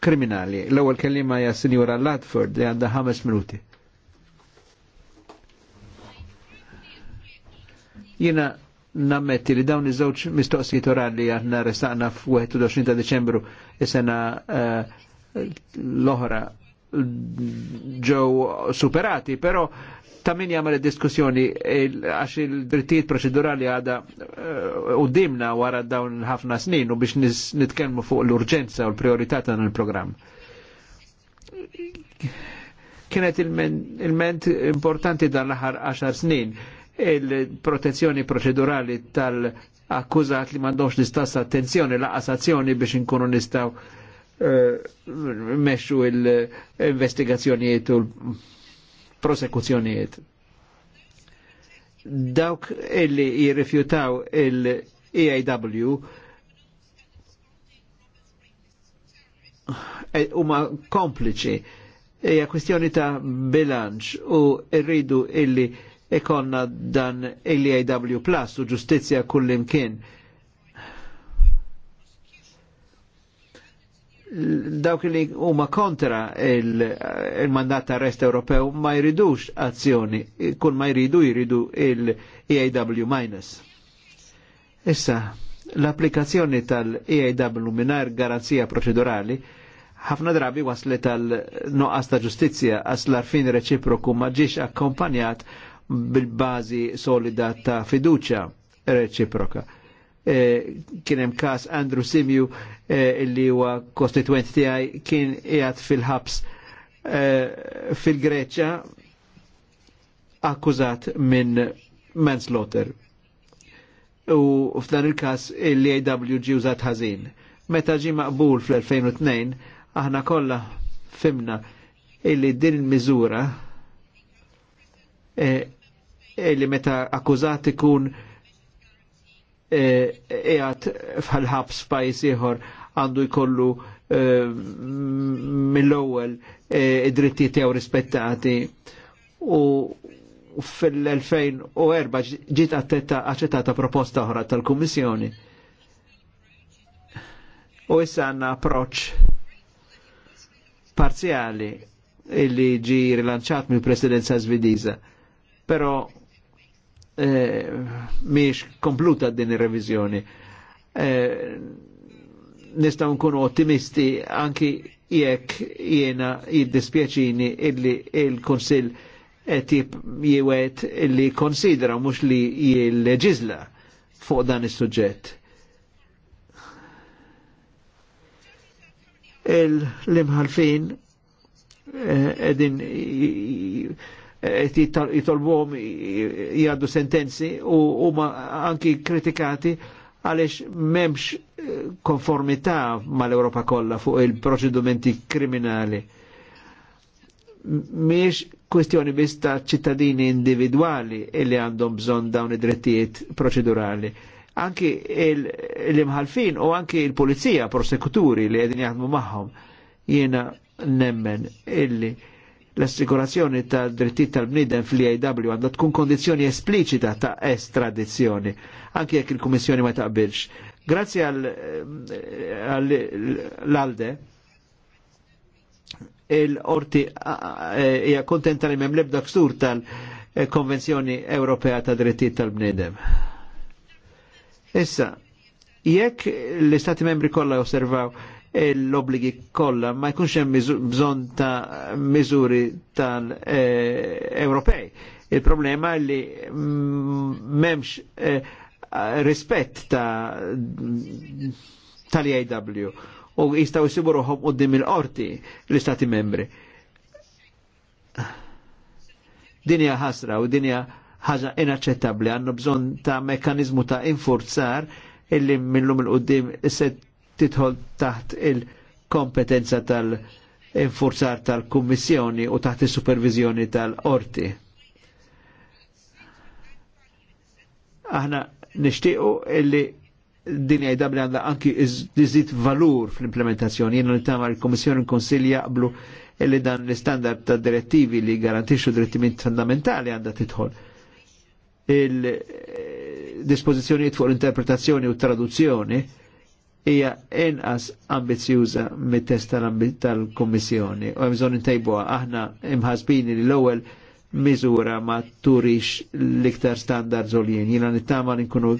kriminali. L-ewwel kelliem hija Sinjura Latford li għandha ħames minuti. Jiena nammetti li dawn iż-żewġ mistoqsijiet orali aħna restaqna f'21 ta' Deċembru is-sena eh, l-oħra ġew superati, però ta' min jagħmel id-diskussjoni għax il-drittijiet proċedurali għada eh, u dimna wara dawn ħafna snin u biex nitkellmu fuq l-urġenza u l-priorità ta' il-programm. Kienet il-ment importanti dan l-aħħar 10 snin il-protezzjoni proċedurali tal-akkużat li mandomx l istass attenzjoni laqas azzjoni biex inkunu nistaw eh, meċu il-investigazzjonijiet u l prosekuzzjonijiet. Dawk illi jirrifjutaw il-EIW eh, huma kompliċi hija kwestjoni ta' bilanċ u rridu illi ikonna dan il-EIW plus u ġustizja kullimkien. kien dawk li huma kontra il-mandat il ta' rest Ewropew ma jridux azzjoni, kull ma jridu jridu il-EAW minus. Issa, l-applikazzjoni tal-EAW minar garanzija proċedurali ħafna drabi waslet tal-noqqas ta' ġustizzja għas l-arfin reċiproku ma ġiex akkompanjat bil-bazi solida ta' fiduċa reċiproka Eh, kien hemm każ Andrew Simju eh, illi huwa kostituent tiegħi kien qiegħed fil-ħabs eh, fil-Greċja akkużat minn manslaughter. U f'dan il-każ il-AW ġi użat ħażin. Meta ġi maqbul fl-2002 aħna kollha fimna illi din il-miżura illi meta akkużat ikun E, qiegħed fħal-ħabs pajjiż ieħor għandu jkollu e, mill-ewwel e, id-dritti tiegħu rispettati u fil-2004 ġiet aċċettata proposta oħra tal-Kummissjoni. U issa għandna approċċ parzjali illi ġi rilanċat mill-presidenza svediża. Però Eh, miex kompluta din il-revizjoni. Eh, nistaw Nistgħu nkunu ottimisti anki jekk jena jiddispieċini illi il konsil tip jiewet illi konsidra mux li jil-leġizla fuq dan is-suġġett. Il-limħalfin eh, edin jitolbuhom jgħaddu sentenzi u huma anki kritikati għaliex memx eh, konformità mal-Europa kollha fuq il proċedumenti kriminali. Miex kwestjoni biss ta' ċittadini individuali illi għandhom bżonn dawn id-drittijiet proċedurali anki l-imħalfin u anki il-polizija, prosekuturi li għedin jgħadmu maħħom, jena nemmen illi l-assigurazzjoni ta' drittijiet tal-bniedem fl-IAW għandha tkun kondizzjoni espliċita ta' estradizzjoni, anke jekk il-Kummissjoni ma taqbilx. Grazzi għall-alde, eh, il-orti eh, hija kontenta li memlebda ksur tal-Konvenzjoni Ewropea ta' drittijiet tal-bniedem. Issa, jekk l-Istati membri kollha osservaw l-obligi kollha ma jkunx hemm bżonn ta' miżuri tal-Ewropej. Eh, Il-problema li m'hemmx eh, rispett ta' tal iaw u jistaw jisibu ruħom il-qorti l-istati membri. Dinja ħasra u dinja ħaġa inaċċettabbli għannu bżon ta' mekanizmu ta' infurzar illi minnum il-qoddim se titħol taħt il-kompetenza tal-infurzar tal-Kummissjoni u taħt il-supervizjoni tal-Orti. Aħna nishtiqu illi din għajdabli għanda anki iżdizit valur fl-implementazzjoni. Jena tamar il kommissjoni il-Konsil jaqblu illi dan l-standard ta' direttivi li garantisġu drittimint fundamentali għanda titħol. Il-dispozizjoniet eh, fuq l-interpretazzjoni u traduzzjoni hija inqas ambizjuża mit-test tal-Kummissjoni u hemm bżonn intejbuha aħna imħasbini li l-ewwel miżura ma turix l-iktar standards u l-jien. Jina nittama nkunu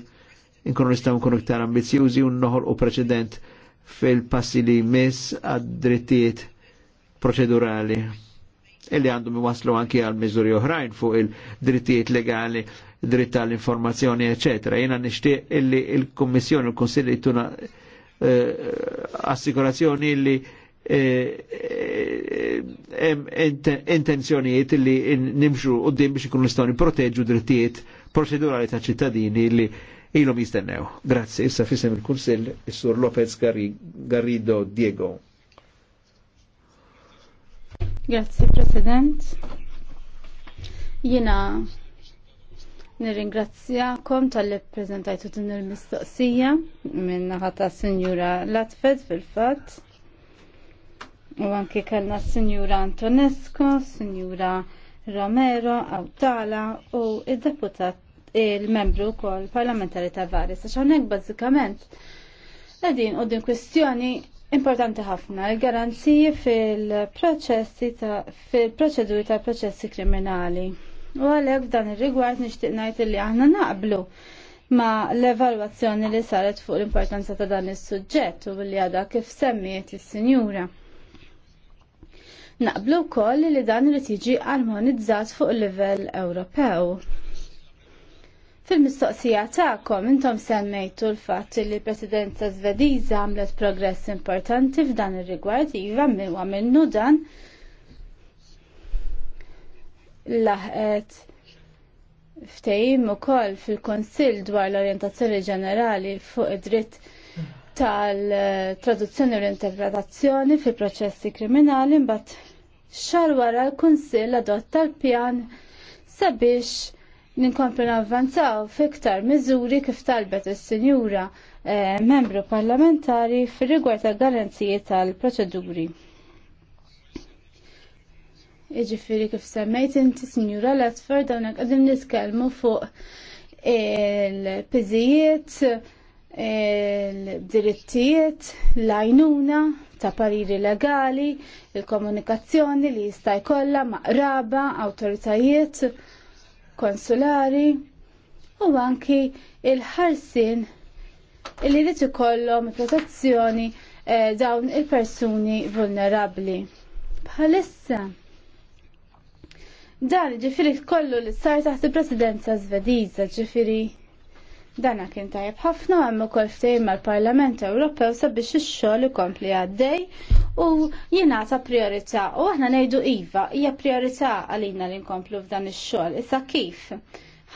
nistgħu nkunu iktar ambizjużi u noħol u preċedent fil-passi li mis għad-drittijiet proċedurali illi għandhom iwaslu anki għal miżuri oħrajn fuq il-drittijiet legali, dritt tal informazzjoni eccetera. Jena nishtiq illi il-Kommissjoni, il-Konsilli tuna eh, assikurazzjoni li hemm eh, eh intenzjonijiet li nimxu qudiem biex ikunu nistgħu nipproteġu drittijiet proċedurali ta' ċittadini li ilhom jistennew. Grazzi, issa fisem il-Kunsill is-Sur Lopez Garrido Diego. Grazie President. Jena Nirringrazzjakom tal-li prezentajtu din il-mistoqsija minn ħata Sinjura Latfed fil-fatt. U anki kellna Sinjura Antonesco, Sinjura Romero, Awtala u id-deputat il-membru kol parlamentari ta' Varis. sa hawnhekk bażikament qegħdin u din kwestjoni importanti ħafna il-garanziji fil-proċessi ta' fil-proċeduri ta' proċessi kriminali U għalhekk f'dan ir-rigward nixtieq ngħid li aħna naqblu ma l-evalwazzjoni li saret fuq l-importanza ta' dan is-suġġett u li għadha kif semmiet is-sinjura. Naqblu wkoll li dan li tiġi armonizzat fuq il-livell Ewropew. Fil-mistoqsija tagħkom intom semmejtu l-fatt li l-Presidenza Svediża għamlet progress importanti f'dan ir-rigward iva minn għamilnu dan, u dan laħqet ftehim ukoll fil konsil dwar l orientazzjoni ġenerali fuq id-dritt tal-traduzzjoni u l-interpretazzjoni fil proċessi kriminali mbagħad xar wara l-Kunsill adotta l-pjan sabiex ninkomplu navvanzaw fiktar miżuri kif talbet is-sinjura eh, membru parlamentari fir-rigward tal-garanzijiet tal-proċeduri. Iġifiri kif semmejt inti Sinjura Latford hawnhekk qegħdin niskelmu fuq il pizijiet il-drittijiet, l ajnuna ta' pariri legali, il-komunikazzjoni li jista' jkollha maqraba, awtoritajiet konsulari u anki il-ħarsin li rrid ikollhom protezzjoni eh, dawn il-persuni vulnerabbli. Bħalissa. Dan ġifiri kollu li sar taħt il-presidenza svediza ġifiri. Dana kien tajab ħafna għamma kol ftejn mal-Parlament Ewropew sabiex ix-xogħol ikompli għaddej u ta' priorità u aħna ngħidu iva hija priorità għalina li nkomplu f'dan ix-xogħol. Issa kif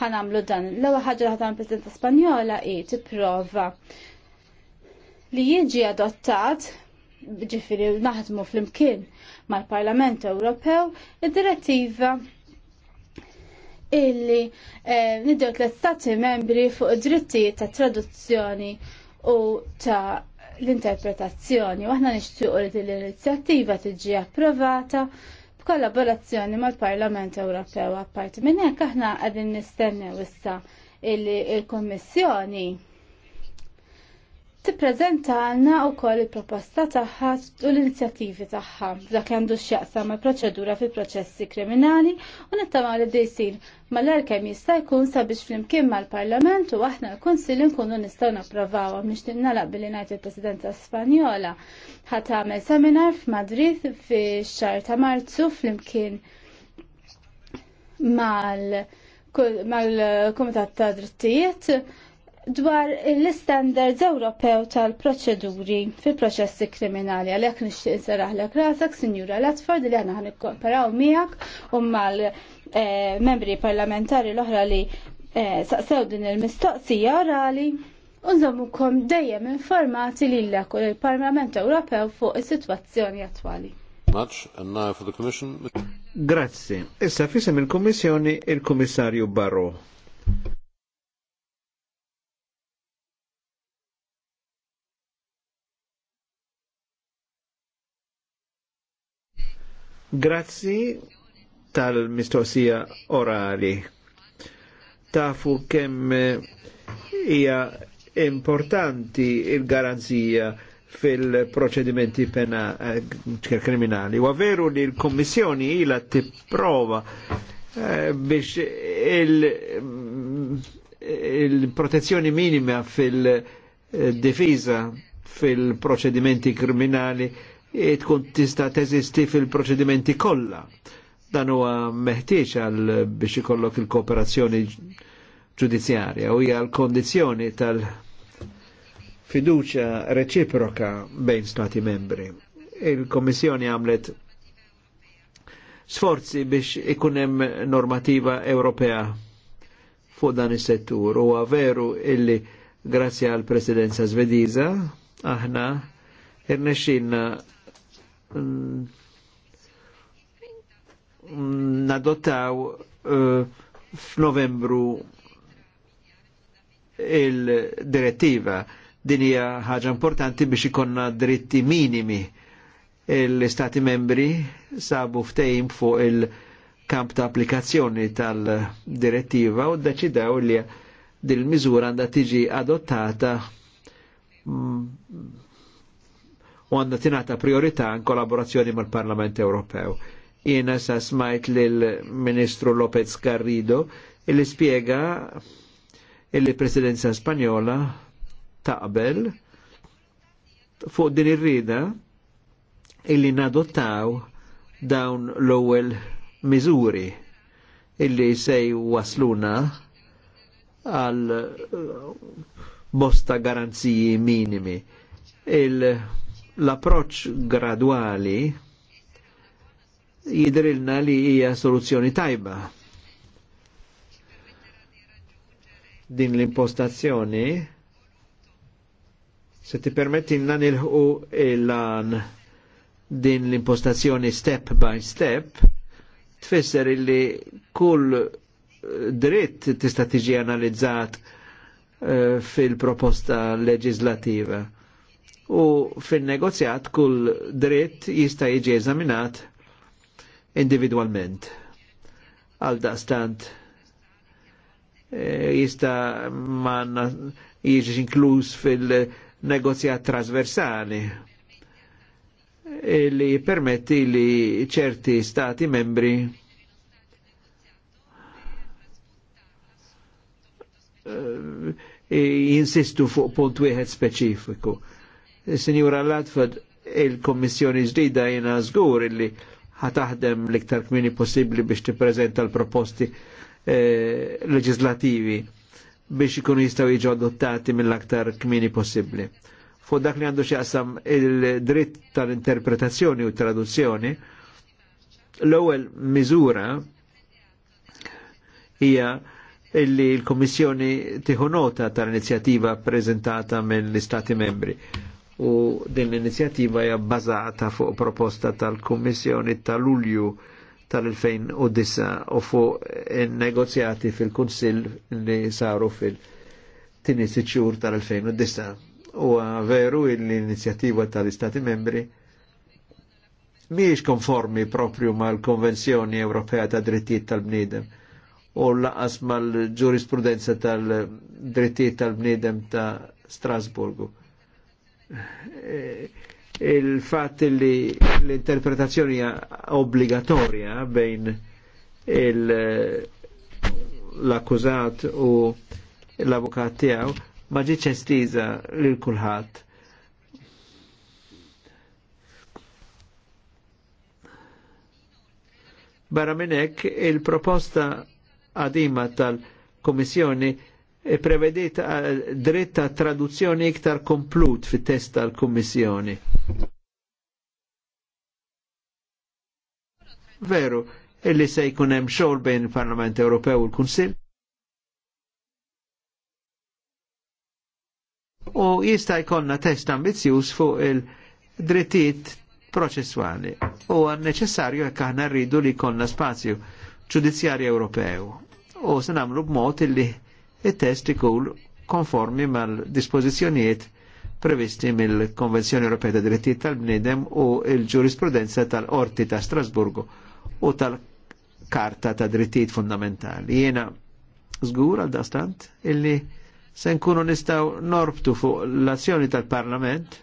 ħanamlu dan? L-ewwel ħaġa ħadan Presidenza Spanjola hi tipprova li jiġi adottat ġifiri naħdmu fl-imkien mal-Parlament Ewropew id-direttiva illi eh, niddew tliet tlettati membri fuq drittijiet ta' traduzzjoni u ta' l-interpretazzjoni. Waħna aħna nixtiequ li din l-inizjattiva tiġi approvata b'kollaborazzjoni mal-Parlament Ewropew apparti minn hekk aħna qegħdin nistennew issa il-Kummissjoni il kummissjoni tippreżenta għalna u koll il-proposta tagħha u l-inizjattivi tagħha dak għandu x'jaqsam ma' proċedura fi proċessi kriminali u nittama li dejsin mal-għar kemm jista' jkun sabiex flimkien mal-Parlament u aħna l-Kunsill nkunu nistgħu napprovaw biex tinnalaq billi ngħid il-Presidenza Spanjola ħadd tagħmel seminar f'Madrid fix xar ta' Marzu flimkien mal-Kumitat ta' Drittijiet dwar l-standards Ewropew tal-proċeduri fil-proċessi kriminali għalhekk nixtieq inseraħlek rasak, Sinjura Latford, li aħna ħanikkooperaw miegħek u mal-membri eh, parlamentari l-oħra li eh, saqsew din il-mistoqsija orali u nżommukom dejjem informati lilek u l-Parlament Ewropew fuq is-sitwazzjoni attwali. Grazzi. Issa fisem il-Kommissjoni il-Kummissarju Barro. Grazzi tal-mistoqsija orali. Tafu kemm eh, hija importanti il-garanzija fil-proċedimenti pena eh, kriminali. U veru li l-Kommissjoni ila tipprova eh, biex mm, il-protezzjoni il minima fil-difiża eh, fil-proċedimenti kriminali E tkun tista' teżisti fil-proċedimenti kollha. Dan huwa meħtieġ għal biex ikollok il-kooperazzjoni ġudizzjarja u hija l-kondizzjoni tal-fiduċa reċiproka bejn stati membri. Il-Kommissjoni għamlet sforzi biex ikun hemm normativa Ewropea fuq dan is-settur. Huwa veru illi grazzi għal presidenza svediża aħna irnexxilna Mm, nadottaw eh, f'Novembru il-direttiva din hija ħaġa importanti biex ikonna dritti minimi l-Stati membri sabu ftejim fuq il-kamp ta' applikazzjoni tal-direttiva u deċidaw li dil miżura għandha tiġi adottata mm, u għandha tinata priorità in kollaborazzjoni mal-Parlament Ewropew. Jiena sa smajt lill-Ministru Lopez Garrido illi spiega illi presidenza spagnola taqbel fuq din ir-rida illi nadottaw dawn l-ewwel miżuri illi sej wasluna għal bosta garanziji minimi. Il- l-approċ gradwali jidrilna li hija soluzzjoni tajba. Din l-impostazzjoni se ti permetti nilħu il-lan din l-impostazzjoni step by step tfisser illi kull dritt tista' tiġi analizzat uh, fil-proposta leġislativa u fin-negozjat kull dritt jista' jiġi eżaminat individwalment. Għal daqstant eh, jista ma jiġi inkluż fil-negozjat trasversali eh, li permetti li ċerti stati membri eh, jinsistu fuq punt wieħed speċifiku Sinjura Latford, il-Kommissjoni ġdida jena zgur illi ħataħdem l-iktar kmini possibli biex t-prezenta l-proposti eh, leġislativi biex ikunu jistaw jiġu adottati mill-aktar kmini possibli. Fu dak li għandu xieqsam il-dritt tal-interpretazzjoni u traduzzjoni, l-ewwel miżura hija illi l-Kommissjoni il nota tal inizjativa prezentata mill-Istati membri u din l-inizjattiva hija bbażata fuq proposta tal-Kummissjoni tal-Ulju tal-2009 u fuq in-negozjati fil-Kunsill li saru fil-tini siċur tal-2009. U veru l-inizjattiva tal-Istati membri miex konformi propju mal-Konvenzjoni Ewropea ta' Drittijiet tal bnidem u laqas mal-ġurisprudenza tal-Drittijiet tal bnidem ta' Strasburgu il-fat li l-interpretazzjoni obbligatorja bejn l-akkużat u l-avukat tiegħu ma ġietx estiża lil kulħadd. Barra minnek il-proposta għadima tal-Komissjoni e prevedit eh, dritt ta' traduzzjoni iktar komplut fit test tal-Kummissjoni. Veru, illi se jkun hemm xogħol bejn il-Parlament Ewropew u l-Kunsill. U jista' jkollna test ambizzjuż fuq il-drittijiet proċessuali u għan neċessarju jekk aħna rridu li jkollna spazju ġudizzjarju Ewropew. U se nagħmlu b'mod illi il test ikun konformi mal-dispożizzjonijiet previsti mill-Konvenzjoni Ewropea ta' Drittijiet tal-Bniedem u il ġurisprudenza tal-Qorti ta' Strasburgu u tal-Karta ta' Drittijiet Fundamentali. Jiena żgur għal dastant illi se nkunu nistaw norbtu fuq l-azzjoni tal-Parlament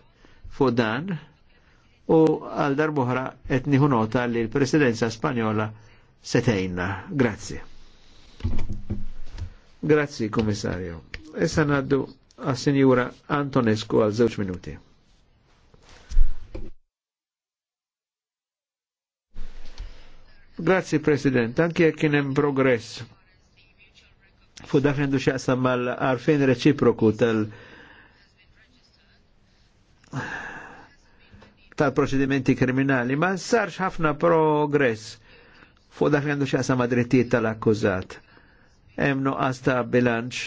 fuq dan u għal darbohra etniħu nota li l-Presidenza Spanjola setejna. Grazie. Grazzi, komissarju. Issa naddu għas signora Antonescu għal żewġ minuti. Grazzi, President. Anki jekk kien hemm progress fu dak għandu xaqsam mal-arfin reċiproku tal- tal-proċedimenti kriminali, ma sarx ħafna progress fuq dak għandu xaqsam ma tal-akkużat hemm nuqqas ta' bilanċ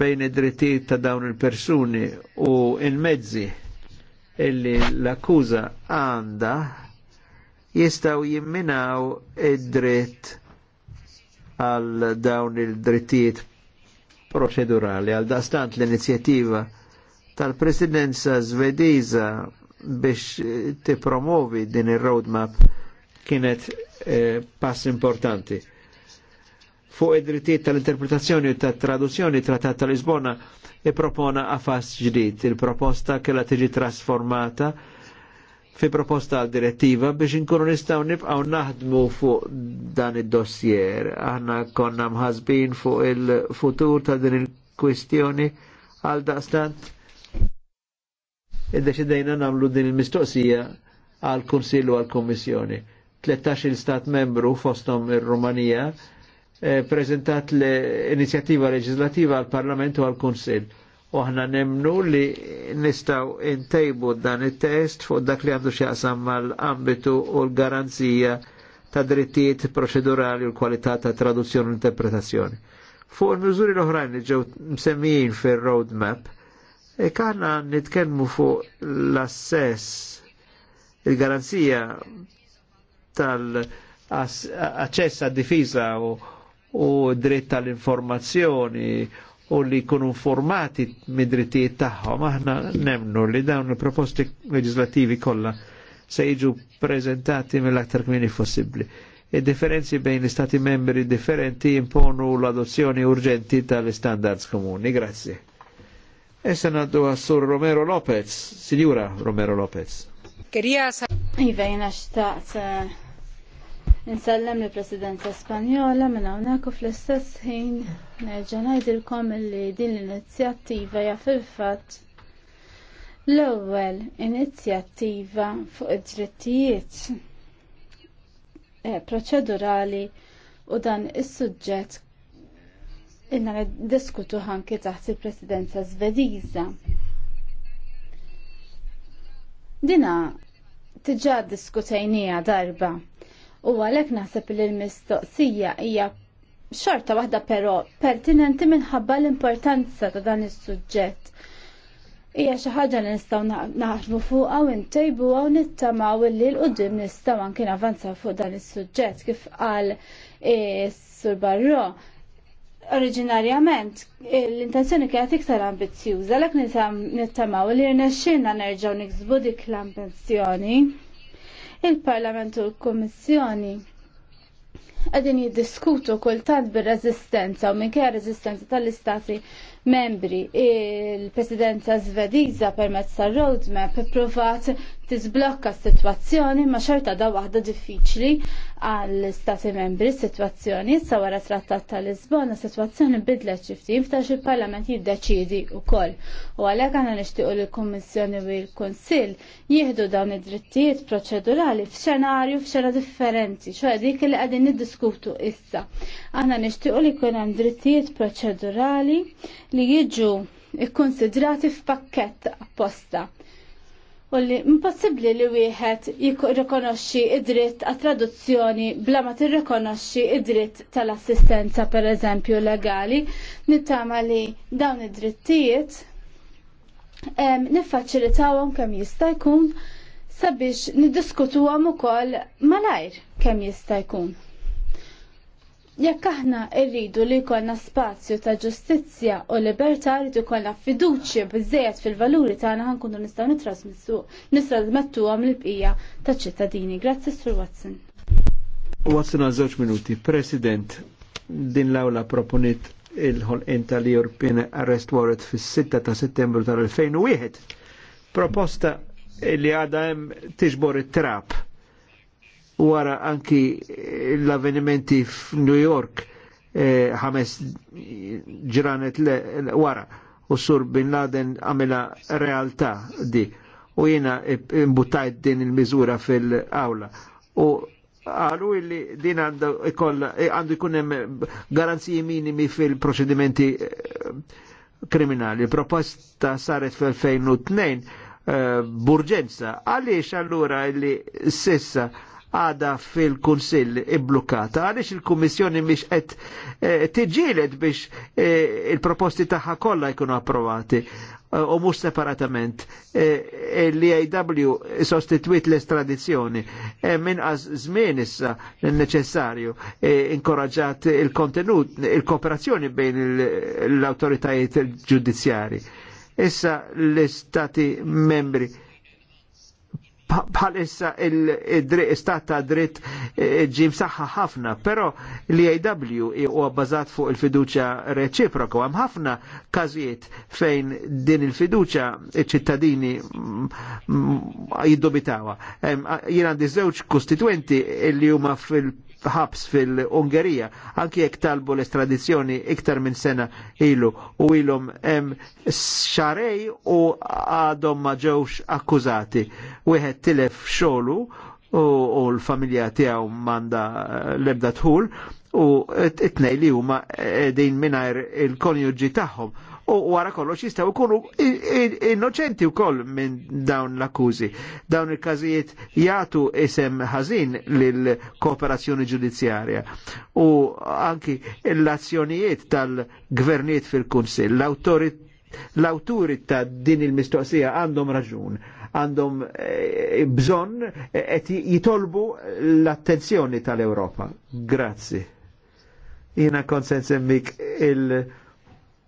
bejn id-drittijiet ta' dawn il-persuni u il-mezzi illi l-akkuża għandha jistaw jimminaw id-dritt għal dawn il-drittijiet proċedurali. Għal dastant l-inizjattiva tal-presidenza svediza biex tipromovi din il-roadmap kienet eh, pass importanti fuq id-drittijiet tal-interpretazzjoni u tat-traduzzjoni trattat tal-Lisbona e propona għafas ġdid. Il-proposta kellha tiġi trasformata fi proposta għal direttiva biex inkunu nistaw nibqaw naħdmu fuq dan id-dossier. Aħna konna mħazbin fuq il-futur ta' din il-kwistjoni għal daqstant. Id-deċidejna namlu din il-mistoqsija għal kunsillu għal kommissjoni. 13 il-stat membru fostom il rumanija Eh, prezentat l-inizjattiva leġislativa għal parlamentu għal konsil U ħna nemnu li nistaw intejbu dan il-test fuq dak li għandu xaqsam mal-ambitu u l-garanzija ta' drittijiet proċedurali u l kualità ta' traduzzjoni u interpretazzjoni. Fuq il-mżuri l-oħrajn li ġew msemmijin fil-roadmap, e kanna nitkenmu fuq l-assess il-garanzija tal-access għad-difiża u u dritt tal-informazzjoni u li jkunu informati mid-drittijiet tagħhom. Aħna nemnu li dawn il-proposti leġislativi kollha se jiġu preżentati mill-aktar kmini possibbli. Id-differenzi bejn l-istati membri differenti imponu l-adozzjoni urġenti tal-standards komuni. Grazie. Essa naddu għassur Romero Lopez, Signora Romero Lopez. Kerija sa' Iva, jena xtaqt eh, Insellem li presidenza Spanjola minn hawnhekk fl-istess ħin nerġa' ngħidilkom li din l-inizjattiva hija fil-fatt l-ewwel inizjattiva fuq id-drittijiet eh, proċedurali u dan is-suġġett inna diskutu ħanki taħt il-presidenza Svediza. Dina tiġa diskutajnija darba U għalhekk naħseb li l-mistoqsija hija xorta waħda però pertinenti minħabba l-importanza ta' dan is-suġġett. Hija xi ħaġa li nistgħu naħdmu fuqha u ntejbuha u nittamaw li l-qudiem nistgħu anke navanzaw fuq dan is-suġġett kif qal Sur Barro oriġinarjament l-intenzjoni kienet iktar ambizzjuża għalhekk nittamaw li rnexxinna nerġgħu niksbu dik l-ambizjoni il-Parlament u l-Kommissjoni għedin jiddiskutu kultant bil-rezistenza u minkejja rezistenza tal-istati membri. Il-Presidenza Svediża permezz tar-roadmap provat tisblokka s-sitwazzjoni ma xorta da waħda diffiċli għall stati membri s-sitwazzjoni issa wara trattat tal Lisbona situazzjoni sitwazzjoni bidlet xifti ftax il-Parlament jiddeċidi wkoll. U għalhekk għana nixtiequ l kummissjoni u l-Kunsill jieħdu dawn id-drittijiet proċedurali f'xenarju f'xena differenti, xogħol dik li qegħdin niddiskutu issa. Aħna nixtiequ li jkun hemm drittijiet proċedurali li jiġu ikkonsidrati f'pakkett apposta. U li impossibbli li wieħed jirrikonoxxi id-dritt għat traduzzjoni bla ma tirrikonoxxi id-dritt tal-assistenza pereżempju legali, nittama li dawn id-drittijiet niffaċilitawhom kemm jista' jkun sabiex niddiskutuhom ukoll malajr kemm jista' jkun. Jekk aħna rridu li jkollna spazju ta' ġustizzja u libertà rridu jkollna fiduċja biżejjed fil-valuri tagħna ħankunu nistgħu nitrasmissu, nitrasmettuhom l bqija taċ ċittadini. Grazzi Sur Watson. Watson għal żewġ minuti. President, din l-awla proponit il-ħolqien tal-European Arrest Warrant fis-6 ta' settembru tal-2001. Proposta li għadha hemm tiġbor it-trap wara anki l-avvenimenti f'New York eh, ħames ġranet wara u sur Bin Laden għamela realtà di u jena imbuttajt din il-mizura fil-awla u għalu illi din għandu jkunem garanziji minimi fil-proċedimenti eh, kriminali. Proposta saret fil-2002 eh, burġenza. Għaliex allura illi sissa għada fil-Kunsill iblukata għalix il kommissjoni miex għed eh, tiġilet biex eh, il-proposti taħħa kollha jkunu approvati eh, u mux separatament l-IAW sostituit l estradizjoni minn għaz zmin issa l-neċessarju inkoraġat il-kontenut, il-kooperazzjoni bejn l-autoritajiet ġudizzjari. Issa l-istati membri bħalissa il-istat ta' dritt e- e- ġim saħħa ħafna, pero l-IAW huwa bbażat fuq il-fiduċa reċiproka, hemm ħafna każijiet fejn din il-fiduċa ċittadini jiddubitawa. Jien għandi żewġ kostituenti li huma fil- ħabs fil-Ungerija, anki jekk talbu l-estradizzjoni iktar minn sena ilu u ilhom hemm xarej u għadhom ma ġewx akkużati. Wieħed tilef xogħlu u l-familja tiegħu manda eh, lebda tħul u t-tnej li huma eh, din mingħajr il-konjuġi tagħhom u għara kollox jistgħu jkunu innoċenti u koll minn dawn l-akkużi. Dawn il kazijiet jgħatu isem ħazin l kooperazzjoni ġudizzjarja u anki l-azzjonijiet tal-gvernijiet fil kunsil l-awturi ta' din il-mistoqsija għandhom raġun għandhom eh, bżon et eh, jitolbu l-attenzjoni tal europa Grazzi. Jina konsensemmik il-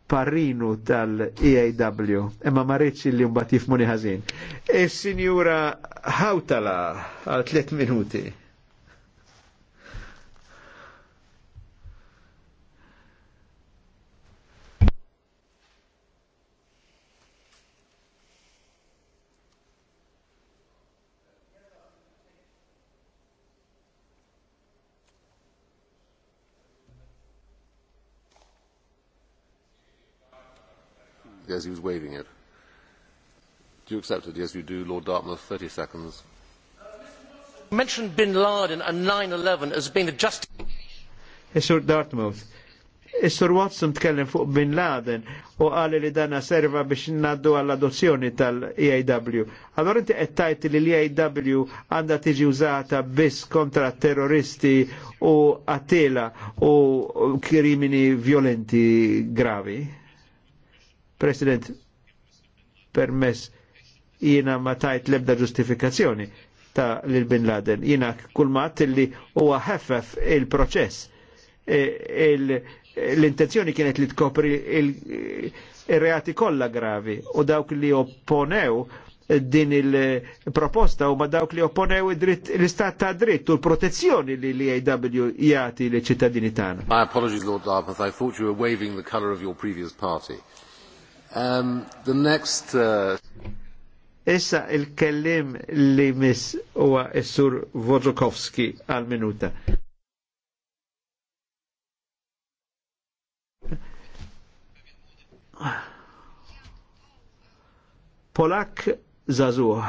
parrinu tal-EAW, imma ma rridx li mbagħad jifmuni ħażin. Is-Sinjura Hawtala għal tliet minuti. as he was waving it. Do you accept it? Yes, you do. Lord Dartmouth, 30 seconds. You mentioned bin Laden and 9-11 as being a just... Eh, Sir Dartmouth, eh, is Watson tkellem fuq Bin Laden u għalli li dana serva biex naddu għall-adozzjoni tal-EIW. Allora inti għettajt li l-EIW għanda tiġi użata biss kontra terroristi u attela u krimini violenti gravi? President, permess jina ma tajt lebda ġustifikazzjoni ta' lil Bin Laden. Jiena kulmat li huwa ħeffef il-proċess. E, l-intenzjoni kienet li tkopri il-reati kollha gravi u dawk li opponew din il-proposta u ma dawk li opponew l-istat ta' dritt u l-protezzjoni li li aw jati li ċittadini tagħna. My apologies, Lord I thought you were waving the of your previous party. Um, the next... Uh... Issa il-kellim li miss huwa s-sur Wojciechowski għal-minuta. Polak Zazuh.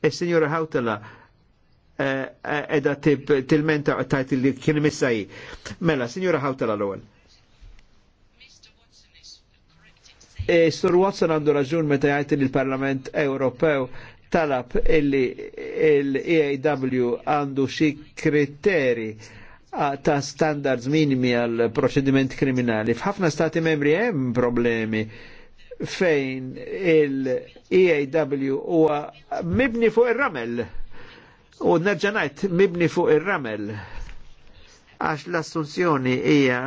Il-Signora e Hautala eh, eh, edha tilmenta tajt li kien missaj. Mela, Signora Hautala l għol E Sir Watson għandu raġun meta jgħajt li l-Parlament Ewropew talab illi l-EAW għandu xi kriteri ta' standards minimi għal proċediment kriminali. F'ħafna stati membri hemm problemi fejn il-EAW huwa mibni fuq ir-ramel. U nerġanajt mibni fuq ir-ramel. Għax l-assunzjoni hija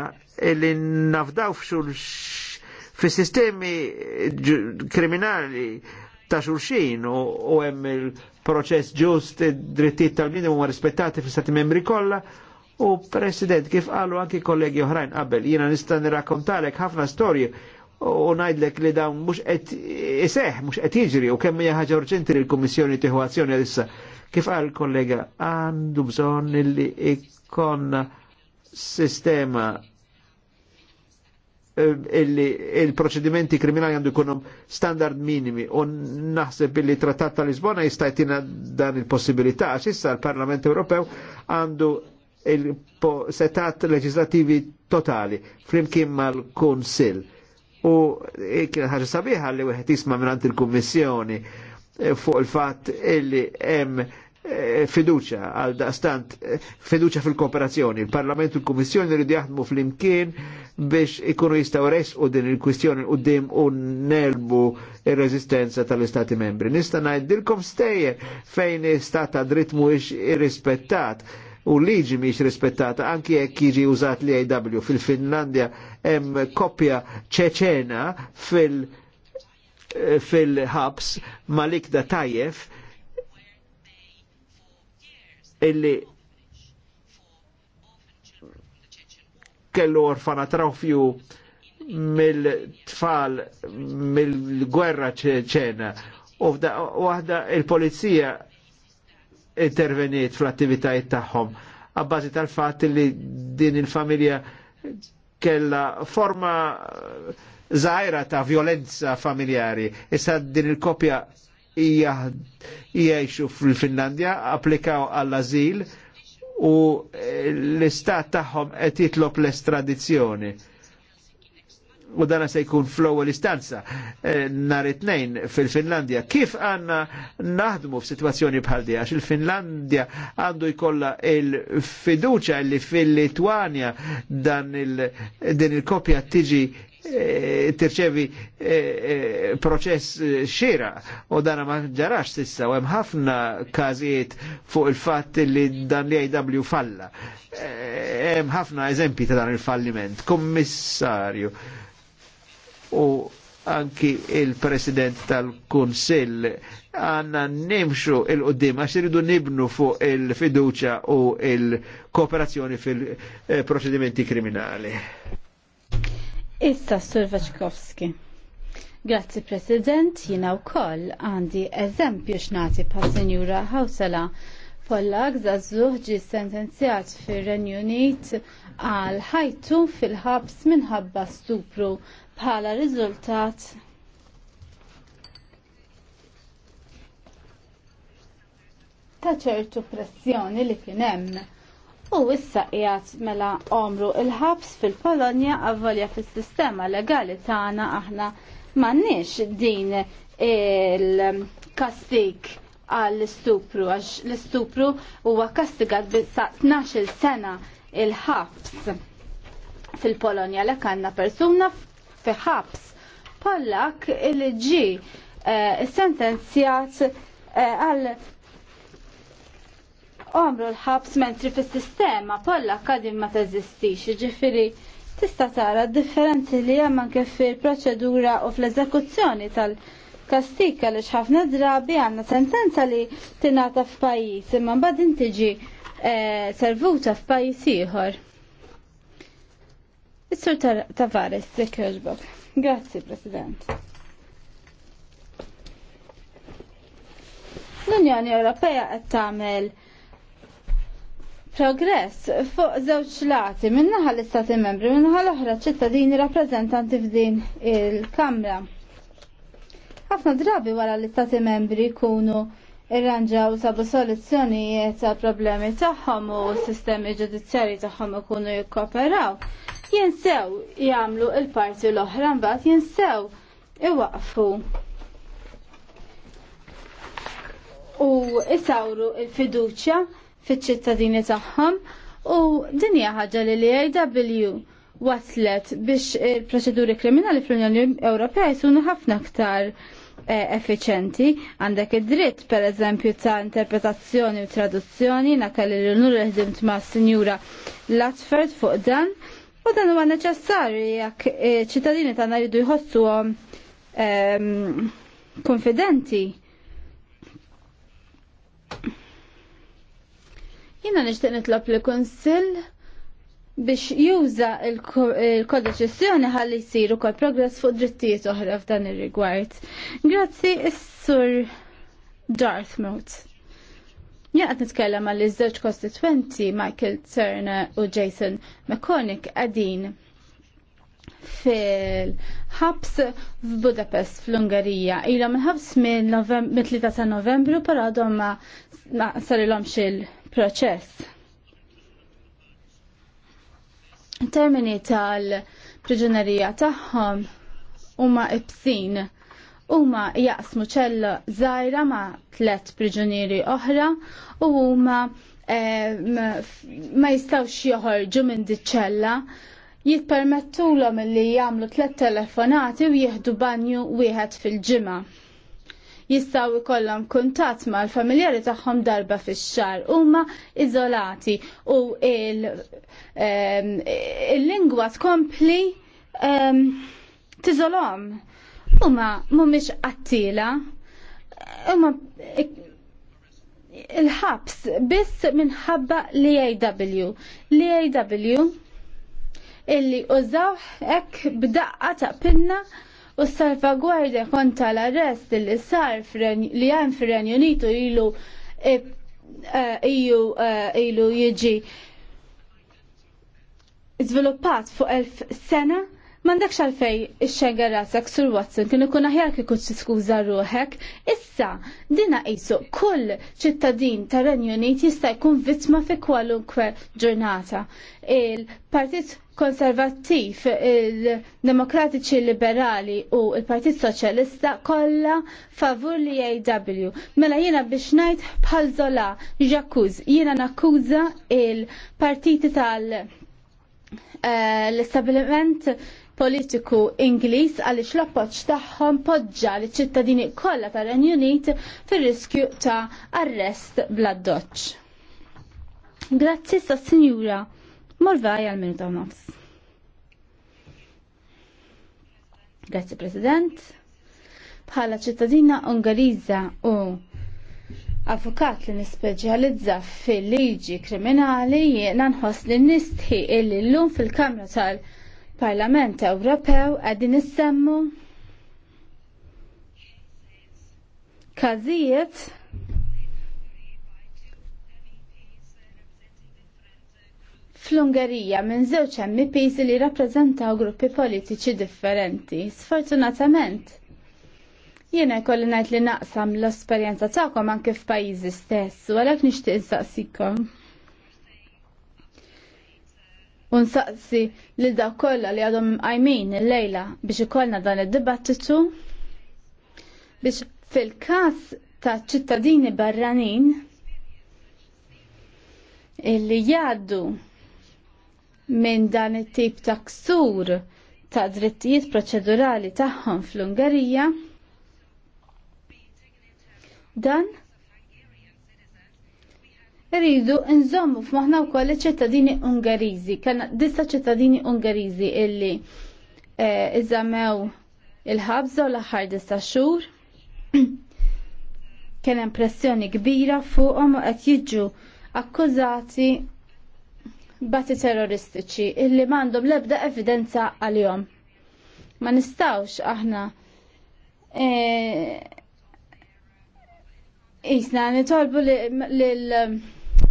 illi nafdaw f'xulx Fi sistemi kriminali ta' xulxin u hemm il-proċess ġust id-drittijiet tal-bniedem huma rispettati fi stati membri kollha u President kif qalu anki kollegi oħrajn qabel jiena nista' nirrakkontalek ħafna storji u najdlek li dawn mhux qed iseħħ mhux qed jiġri u kemm hija ħaġa urġenti li l-Kummissjoni tieħu azzjoni issa. Kif qal kollega għandu bżonn li ikkonna sistema Eh, illi il-proċedimenti kriminali għandu jkunhom standard minimi u naħseb illi trattat ta' lisbona jistajtina dan il-possibilità għax l-Parlament Ewropew għandu il-setat leġislativi totali flimkien mal-Kunsill. U kien ħaġa sabiħa li wieħed jisma' minn il-Kummissjoni eh, fuq il-fatt illi hemm Eh, fiduċa għal stant eh, fiduċa fil-kooperazzjoni. Il-Parlament u l-Kommissjoni rridu jaħdmu fl-imkien biex ikunu jistaw resqu din il-kwistjoni qudiem u nelbu il reżistenza tal-Istati membri. Nista' ngħidilkom stejjer fejn istat ta' dritt mhuwiex irrispettat u liġi miex rispettata anki jekk jiġi użat li AW fil-Finlandja hemm koppja ċeċena fil- eh, fil-ħabs Malik da Tajef illi kellu orfana trafju mill-tfal mill-gwerra ċena u waħda il-polizija interveniet fl-attivitajiet tagħhom għabbażi tal fat li din il-familja kella forma zaħira ta' violenza familjari. Issa din il-kopja jiexu fil-Finlandja, applikaw għall-azil u eh, l-istat tagħhom qed jitlob l-estradizzjoni u dana se jkun fl-ewwel istanza eh, nhar it-tnejn fil-Finlandja. Kif għandna naħdmu f'sitwazzjoni bħal di għax il-Finlandja għandu jkollha il-fiduċa li fil-Litwanja dan il din il-kopja tiġi E, tirċevi e, e, proċess xira u dana ma ġarax sissa u hemm ħafna kazijiet fuq il fat li dan li AW falla. Hemm ħafna eżempi ta' dan il-falliment. Kommissarju u anki il-President tal-Kunsill għanna nimxu il-qoddim għax iridu nibnu fuq il-fiduċa u il-kooperazzjoni fil-proċedimenti eh, kriminali. Issa Sur Grazzi President, jina u koll għandi eżempju xnati pa' Senjura Hawsala Pollak zazzuħ ġi sentenzjat fir renju Unit għal ħajtu fil-ħabs minħabba stupru bħala riżultat ta' ċertu pressjoni li kien hemm u issa qiegħed mela omru il-ħabs fil-Polonja avvolja fis-sistema legali tagħna aħna m'għandniex din il-kastik għall-istupru għax l-istupru huwa kastigat bi 12 sena il-ħabs fil-Polonja l għandna persuna fi ħabs Pollak il-ġi eh, sentenzjat eh, għal omru l-ħabs mentri fis-sistema polla kadim ma teżistix, ġifiri tista' tara differenzi li hemm anke fil-proċedura u fl-eżekuzzjoni tal kastika għaliex ħafna drabi għandna sentenza li tingħata f'pajjiż imma mbagħad intiġi eh, servuta f'pajjiż ieħor. Is-sur Tavares, dik jogħġbok. Grazzi, President. L-Unjoni Ewropea qed tagħmel progress fuq żewġ lati minnaħa l-istati membri minnaħa l-oħra ċittadini rappreżentanti f'din il-Kamra. Ħafna drabi wara l-istati membri kunu irranġaw sabu soluzzjonijiet ta' problemi tagħhom u s-sistemi ġudizzjarji tagħhom ikunu jikkoperaw. Jinsew jagħmlu il-parti l-oħra mbagħad jinsew iwaqfu u isawru il-fiduċja fiċ-ċittadini tagħhom u din hija ħaġa li l-AW waslet biex il-proċeduri eh, kriminali fl-Unjoni Ewropea jsunu ħafna aktar eh, effiċenti. Għandek id-dritt, per eżempju, ta' interpretazzjoni u traduzzjoni, nakalli l-unur ħdimt ma' Sinjura Latford fuq dan, u dan huwa neċessarju jekk eh, ċittadini tagħna jridu jħossu ehm, konfidenti. Jina nishtiq nitlob li konsil biex juża il-kodeċessjoni ħalli jisiru kol progress fuq drittijiet oħra f'dan ir-rigward. Grazzi is-sur Dartmouth. Jaqat nitkellem għalli iż-żewġ kostitwenti Michael Turner u Jason McConnick għadin fil-ħabs f'Budapest fl-Ungarija. il ħabs minn 3 ta' Novembru, però għadhom ma sarilhomx il- proċess. Termini tal-priġunerija tagħhom huma ibsin huma jaqsmu ċella żgħira ma' tlet priġunieri oħra u huma ma jistawx joħorġu minn diċċella jitpermettulhom li jagħmlu tliet telefonati u jieħdu banju wieħed fil-ġimgħa jistaw ikollhom kuntatt mal-familjari tagħhom darba fix-xar huma iżolati u il-lingwa tkompli tiżolhom. Huma mhumiex qattila, huma il-ħabs biss minħabba l-AW. L-AW illi użaw hekk b'daqqa ta' pinna U s salvaguardja konta l-arrest li sar li għan fil-Renju Unitu ilu e, e, ilu e, ilu jiġi izviluppat fuq elf sena Mandak xalfej ix xenga rasek sur Watson kien ikun aħjar kieku skuza ruħek. Issa, dina qisu kull ċittadin tar-Renju Unit jista' jkun vittma fi kwalunkwe ġurnata. Il-Partit konservattiv, il-demokratiċi liberali u il-Partit Soċjalista kollha favur li AW. Mela jiena biex ngħid bħalżola Zola ġakkuż, jiena nakkuża il-partiti tal- eh, l politiku Ingliż għaliex l-appoġġ tagħhom poġġa li ċittadini kollha tar-Renju Unit fir-riskju ta' arrest bla doċċ. Grazzi sa' Sinjura Morvaj għal minuta u nofs. Grazie President. Bħala ċittadina Ungariża u avukat li nispeċjalizza fil-liġi kriminali jiena nħoss li nistħi illi llum fil-Kamra tal-Parlament Ewropew qegħdin nissemmu każijiet fl-Ungerija minn żewġ MPs li rappreżentaw gruppi politiċi differenti. Sfortunatament, jiena jkolli ngħid li naqsam l-esperjenza tagħkom anke f'pajjiżi stess, u għalhekk nixtieq insaqsikom. U nsaqsi li dawk kollha li għadhom qajmin illejla biex ikollna dan id-dibattitu biex fil-każ ta' ċittadini barranin illi jgħaddu minn dan it-tip ta' ksur ta' drittijiet proċedurali tagħhom fl-Ungerija, dan Rridu nżommu f'maħna wkoll iċ-ċittadini Ungeriżi, kellna disa ċittadini Ungeriżi illi eh, iżammew il ħabza u l-aħħar disa xhur. Kien hemm pressjoni kbira fuqhom u qed jiġu akkużati bati terroristiċi illi m'għandhom l-ebda evidenza għalihom. Ma nistawx aħna e, Isna nitolbu li um,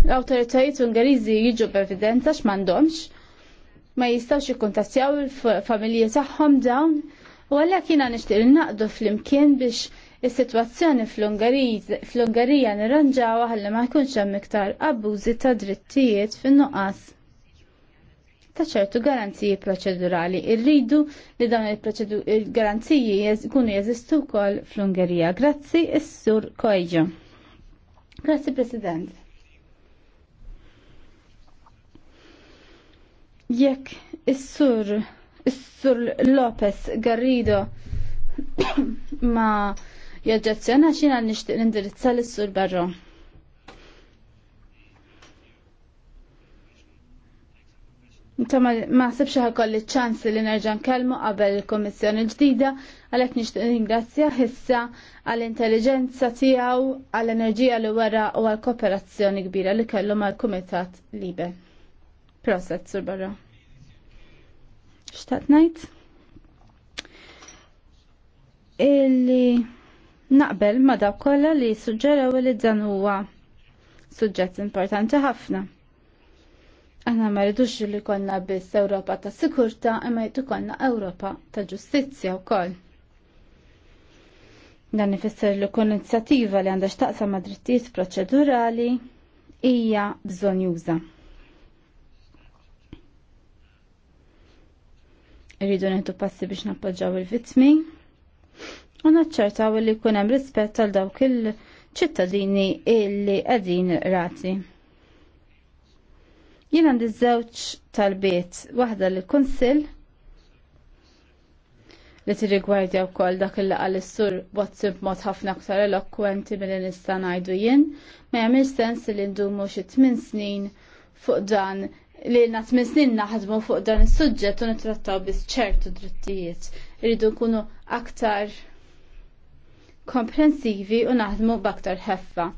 l-autoritajiet Ungariżi jiġu b'evidenza x'm'għandhomx ma jistawx jikkuntazzjaw il-familji tagħhom dawn u għalhekk jiena nixtieq naqdu flimkien biex Is-sitwazzjoni fl-Ungarija nirranġawa ħalli ma jkunx hemm iktar abbużi ta' drittijiet fin-nuqqas ta' ċertu garanziji proċedurali. Irridu li dawn il-garanziji jkunu jeżistu wkoll fl-Ungerija. Grazzi is-Sur Kojġo. Grazzi President. Jekk is-Sur is-Sur Lopez Garrido ma jaġġazzjona xina nixtieq indirizza l-Sur Barro. Inta ma ħakoll il ċans li nerġa' nkellmu qabel il-Kummissjoni ġdida għalhekk nixtieq ningrazzja ħissa għall-intelligenza tiegħu, għall-enerġija li wara u għall-kooperazzjoni kbira li kellu mal-Kumitat Libe. Proset sur barra. Xtaqt ngħid? Illi naqbel ma dawk kollha li suġġeraw li dan huwa suġġett importanti ħafna. Aħna ma rridux li konna biss Ewropa ta' sikurta imma jtu konna Ewropa ta' ġustizzja wkoll. Dan ifisser li kun inizjattiva li għandha x'taqsam ma' drittijiet proċedurali hija bżonjuża. Irridu nieħdu passi biex nappoġġaw il-vittmi u naċċertaw li jkun hemm rispett għal dawk il-ċittadini illi qegħdin rati. Jien għandi żewġ talbiet, waħda l kunsill li tirrigwardja wkoll dak il laqal is-sur Watson b'mod ħafna aktar elokwenti milli nista' ngħidu jien, ma jagħmilx sens li ndumu xi tmien snin fuq dan li na tmien snin naħdmu fuq dan is-suġġett u nittrattaw biss ċertu drittijiet. iridu nkunu aktar komprensivi u naħdmu b'aktar ħeffa.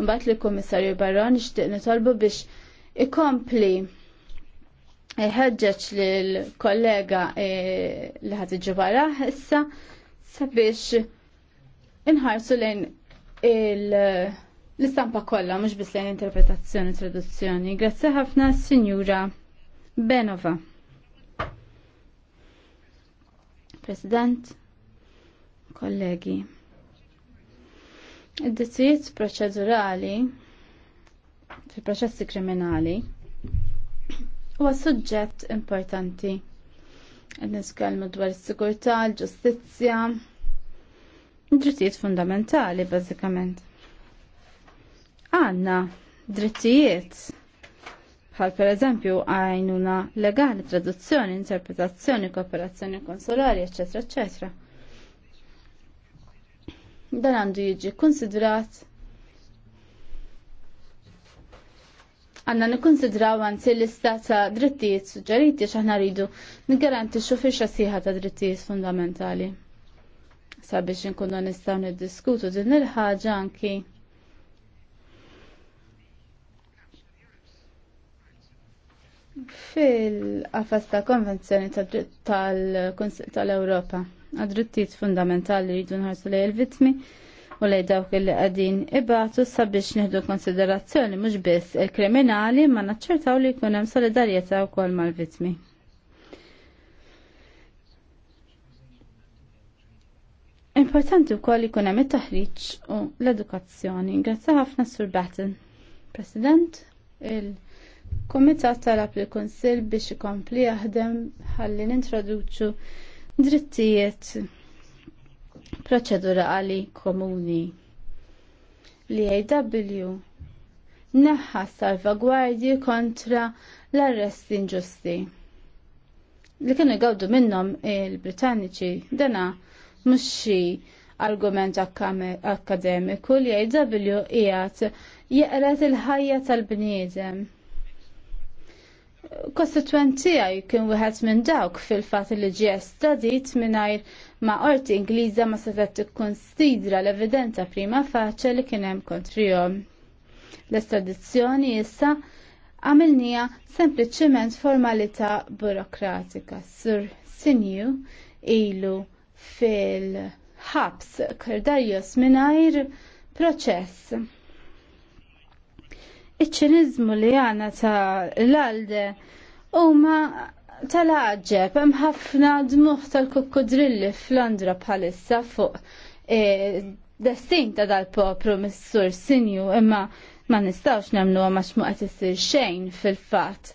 Mbagħad li kummissarju Barron nixtieq nitolbu biex ikompli ħedġeċ l-kollega eh, li ħad ġibara issa sabiex inħarsu lejn l-istampa kollha mhux biss lejn interpretazzjoni traduzzjoni. Grazzi ħafna signora Benova. President, kollegi. Id-dizzijiet proċedurali fil-proċessi kriminali huwa suġġett importanti. Qed niskellmu dwar is-sigurtà, l-ġustizzja, drittijiet fundamentali bażikament. Għandna drittijiet bħal per eżempju għajnuna legali, traduzzjoni, interpretazzjoni, kooperazzjoni konsolari, eccetera, eccetera. Dan għandu jiġi konsidrat għanna nikonsidraw għanzi l-istat ta' drittijiet suġġeriti xaħna rridu nigaranti xufirxa siħa ta' drittijiet fundamentali. Sabiex nkunu nistaw niddiskutu din il-ħaġa anki Fil-qafas ta' konvenzjoni tal-Konsil tal-Europa, għad-drittijiet fundamentali rridu nħarsu lej il-vitmi, u lej dawk li qegħdin ibatu sabiex nieħdu konsiderazzjoni mhux biss il-kriminali ma naċċertaw li jkun hemm solidarjetà wkoll mal-vittmi. Importanti wkoll li jkun hemm it-taħriġ u l-edukazzjoni. Grazie ħafna Sur Batten. President, il- Komitat talab li konsil biex ikompli jaħdem ħalli nintroduċu drittijiet proċedurali komuni. L-AW neħħa salvagwardji kontra l arresti inġusti. Li kienu jgawdu minnom il-Britanniċi dana mhux xi argument akademiku li AW qiegħed jeqret il-ħajja tal-bniedem kostituenti għaj kien wieħed minn dawk fil-fat li ġie stadit minnajr ma qorti Ingliża ma sevet ikkonsidra l-evidenza prima faċe li kien hemm kontrihom. L-estradizzjoni issa għamilnija sempliċement formalità burokratika. Sur Sinju ilu fil-ħabs Kardajos minnajr proċess iċ li għana ta' l-alde u ma tal-ħagġeb hemm ħafna dmuħ tal kukkudrilli fl-Londra bħalissa fuq e, destin ta' dal-poplu mis-sur sinju imma ma nistawx namlu għamax muqat isir xejn fil-fat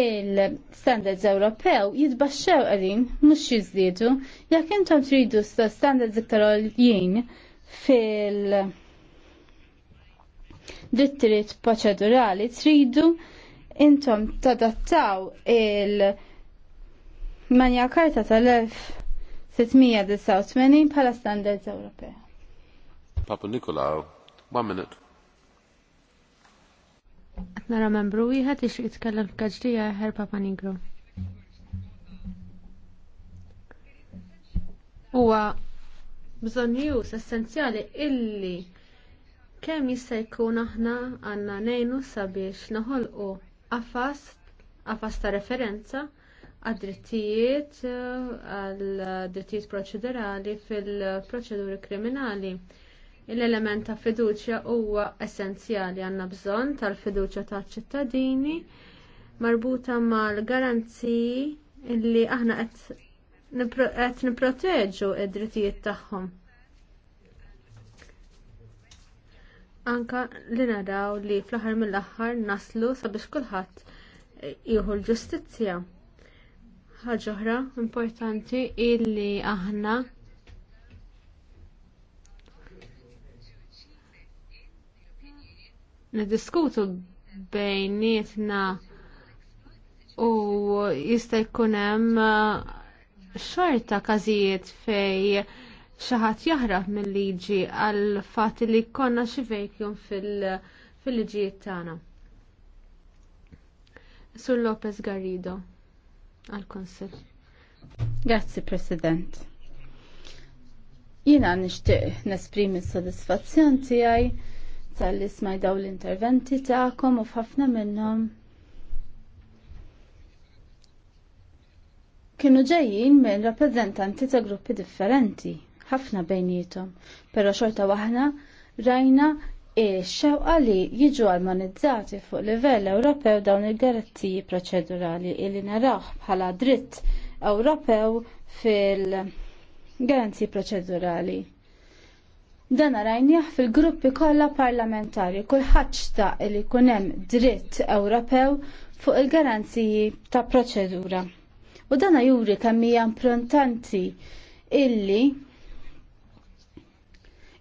il-standards Ewropew jitbaxxew għalin mux jizdidu jekk intom tridu standards iktar fil- dritt proċedurali tridu intom tadattaw il manja karta tal-1689 bħala standards Ewropea. Papa Nikolaw, one minute. Nara membru wieħed ixtieq jitkellem f'kaġdija ħer Papa Nigru. Huwa bżonn jus essenzjali illi Kemm jista' jkun aħna għandna ngħinu sabiex naħolqu qafas qafas ta' referenza għad-drittijiet eh, għal-drittijiet proċedurali fil-proċeduri kriminali. L-element ta' fiduċja huwa essenzjali għandna bżonn tal-fiduċja taċ ċittadini marbuta mal-garanziji li aħna qed nipproteġu id-drittijiet tagħhom. anka li naraw li fl-aħħar mill-aħħar naslu sabiex kulħadd eh, jieħu l-ġustizzja. Ħaġa oħra importanti illi aħna niddiskutu bejnietna u jista' jkun hemm eh, xorta każijiet fejn xaħat jaħrab mill-liġi għal fat li konna xi vacuum fil-liġijiet tagħna. Sur Lopez Garrido għal konsil Grazzi President. Jiena nixtieq nesprimi s-sodisfazzjon tiegħi tal-li daw l-interventi tagħkom u f'ħafna minnhom kienu ġejjin minn rappreżentanti ta' gruppi differenti ħafna bejnietom. Però xorta waħna rajna xewqa li jiġu armonizzati fuq livell Ewropew dawn il-garanziji proċedurali li naraħ bħala dritt Ewropew fil-garanziji proċedurali. Dan rajnieħ fil-gruppi kollha parlamentari kulħadd xtaq li jkun hemm dritt Ewropew fuq il-garanziji ta' proċedura. U dana juri kemm hija improntanti illi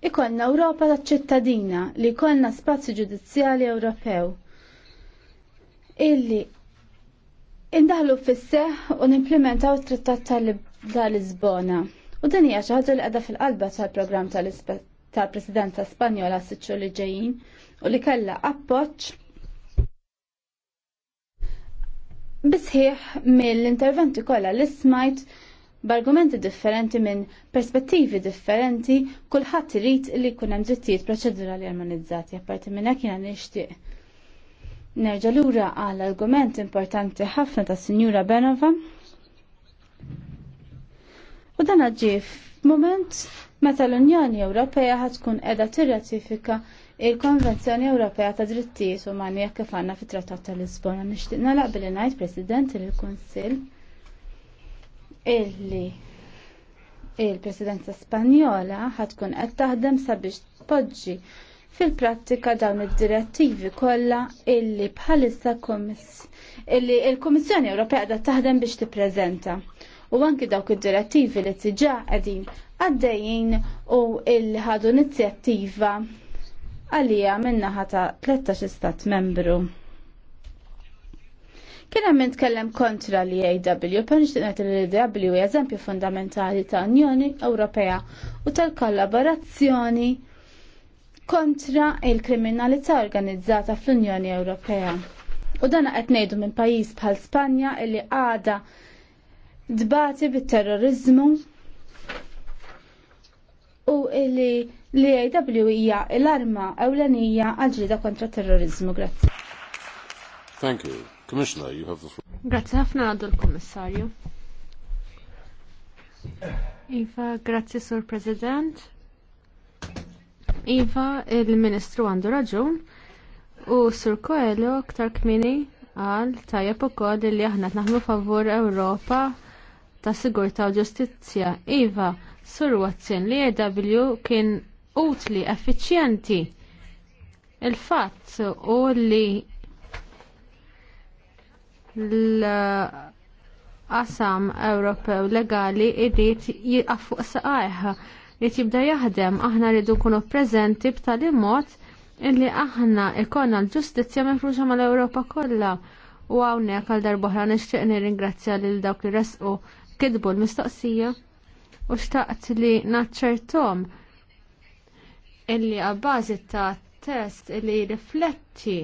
Ikollna Ewropa taċ ċittadina li jkollna spazju ġudizzjali Ewropew illi indaħlu fisseħ u nimplementaw it trittat tal-Lisbona. U din hija xi ħaġa li qiegħda fil-qalba tal-programm tal-Presidenza Spanjola siċċu li ġejjin u li kellha appoġġ bisħiħ mill-interventi kollha li smajt b'argumenti differenti minn perspettivi differenti, kulħadd irid li jkun hemm drittijiet proċedurali armonizzati apparti minn hekk jiena nixtieq nerġa' lura għal argument importanti ħafna ta' Sinjura Benova. U dan ġie f'mument meta l-Unjoni Ewropea ħad tkun qiegħda tirratifika il-Konvenzjoni Ewropea ta' Drittijiet Umani jekk kif għandna fit-Trattat ta' Lisbona nixtieq nagħlaq billi ngħid President il-Kunsill illi il-presidenza spanjola ħatkun qed taħdem sabiex tpoġġi fil-prattika dawn id-direttivi kollha illi bħalissa illi il-Kummissjoni Ewropea qiegħda taħdem biex tippreżenta. U anki dawk id-direttivi li tiġà qegħdin għaddejjin u illi ħadu inizjattiva għalija minnaħa ta' 13 stat membru. Kien hemm nitkellem kontra li AW, per nixtieq li AW hija eżempju fundamentali ta' Unjoni Ewropea u tal-kollaborazzjoni kontra il-kriminalità organizzata fl-Unjoni Ewropea. U dan qed ngħidu minn pajjiż bħal Spanja li għada dbati bit-terrorizmu u li li AW hija l-arma ewlenija għal ġlida kontra terrorizmu. Grazie. Thank you. Commissioner, you have the floor. Grazie ħafna għadu l-Kommissarju. Iva, grazie Sur President. Iva, il-Ministru għandu raġun u Sur Koelo aktar kmini għal tajjeb ukoll li aħna naħmu favur Ewropa ta' sigurtà u ġustizzja. Iva, Sur Watson li EW kien utli, effiċjenti. Il-fatt u li l-qasam Ewropew legali irrid jaqaf fuq saqajħ li jibda jaħdem aħna rridu nkunu preżenti b'tali mod illi aħna ikonna l-ġustizzja mifruxa mal-Ewropa kollha u hawnhekk għal darbohra nixtieq nirringrazzja lil dawk li resqu kitbu l-mistoqsija u xtaqt li naċċertom illi għabbażi ta' test illi rifletti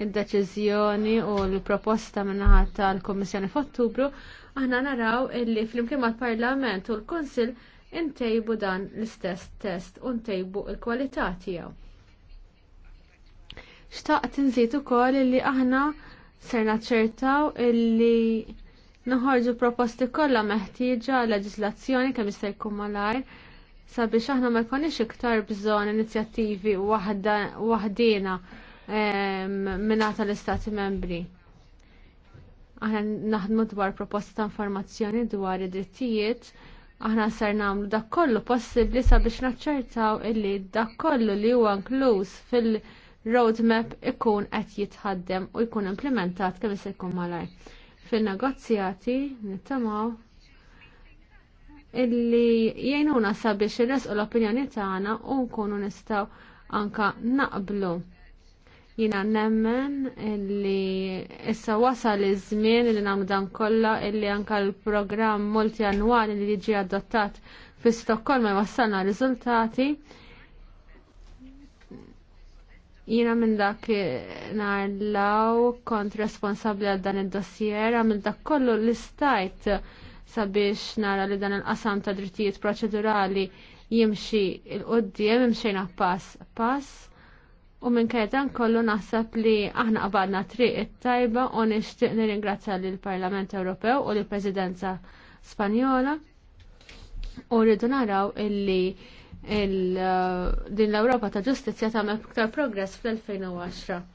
id-deċiżjoni u l-proposta minnaħa tal komissjoni f'Ottubru, aħna naraw illi flimkien mal-Parlament u l-Konsil intejbu dan l-istess test u ntejbu l kwalità tiegħu. Xtaqt nżid ukoll illi aħna serna naċċertaw illi noħorġu proposti kollha meħtieġa leġislazzjoni kemm jista' jkun malajr sabiex aħna ma jkunix iktar bżonn inizjattivi waħdina minnata l-Istati membri. Aħna naħdmu dwar proposta ta' informazzjoni dwar id-drittijiet, aħna sar namlu dak kollu possibbli sabiex naċċertaw illi dak kollu li huwa inkluż fil-roadmap ikun qed jitħaddem u jkun implementat kemm se jkun malaj. Fil-negozjati nittamaw illi jgħinuna sabiex irresqu l-opinjoni tagħna u nkunu nistgħu anka naqblu Jina nemmen li issa wasal iż-żmien li nagħmlu dan kollha illi anke l-programm multianwali li jiġi adottat fi Stokkolma jwassalna riżultati. Jina minn dak nhar law kont responsabbli għal dan id-dossier għamil dak kollu li stajt sabiex nara li dan il-qasam ta' drittijiet proċedurali jimxi il-qoddim, jimxejna pass pass U minn kajdan kollu naħseb li aħna qabadna triq it-tajba u nixtieq nirringrazzja lill parlament Ewropew u lill presidenza Spanjola u rridu naraw illi uh, din l-Ewropa ta' ġustizzja tagħmel iktar progress fl-2010.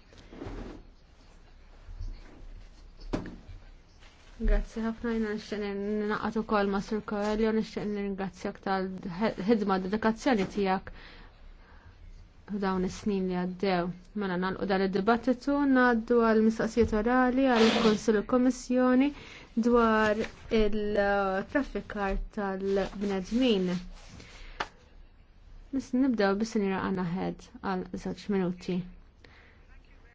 Grazzi ħafna jina nixtieq naqgħat ukoll ma' Sur Koelio nixtieq nirringrazzjak tal-ħidma dedikazzjoni tiegħek dawn is-snin li għaddew. Mela nagħlqu dan id-dibattitu ngħaddu għal mistaqsijiet orali għal l Kommissjoni dwar il-traffikar tal-bnedmin. Nis nibdew bis-sinira għana ħed għal żewġ minuti.